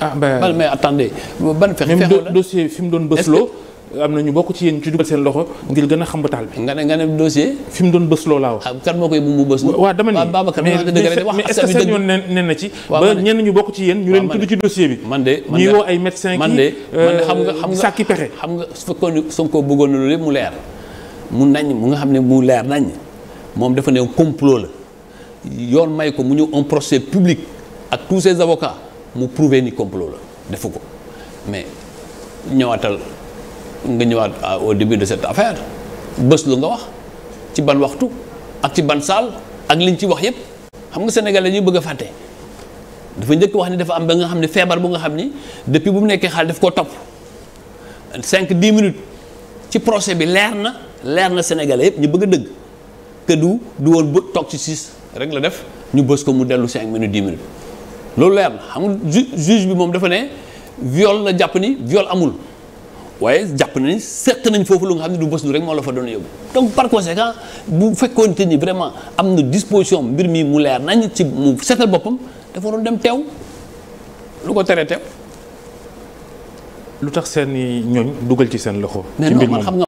ah ben mais attendez ban fexe même dossier fi mu doon bësloo. am na ñu bokk ci yéen ci dugal seen loxo ngir gën a xam taal bi. nga ne nga ne dossier. fi mu doon bës laa wax. ah kan moo koy bu mu bës. waaw dama ni Babacar mais est-ce que seen yoon ne na ci. ba ñenn ñu bokk xam nga euh, xam nga pexe. xam nga su fekkoon ne Sonko bëggoon na loolu yëpp mu leer mu nañ mu nga xam ne mu leer nañ moom dafa neew complot la yoon may ko mu ñëw un procès public ak tous ses avocats mu prouver ni complot la defu ko mais ñëwaatal nga ñëwaat ah, au début de cette affaire bës lu nga wax ci ban waxtu ak ci ban saal ak liñ ci wax yëpp xam nga sénégalais ñuy bëgg a fàtte dafa njëkk wax ni dafa am ba nga xam ne feebar bu nga xam ni depuis bu mu nekkee xaal daf koo topp cinq dix minutes ci procès bi leer na leer na sénégalais yëpp ñu bëgg a dëgg que du du woon ba toog ci siis rek la def ñu bës ko mu dellu cinq minutes dix minutes loolu leer na xam nga juge bi moom dafa ne viol la jàpp ni viol amul waaye jàpp na ni seet nañ foofu lu nga xam ne du bës du rek moo la fa doon yóbbu donc par conséquent bu fekkoon te ni vraiment am na disposition mbir mii mu leer nañ ci mu seetal boppam dafa waroon dem teew lu ko teree teew. lu tax seen i ñooñ dugal ci seen loxo. ci mbir moom xam nga.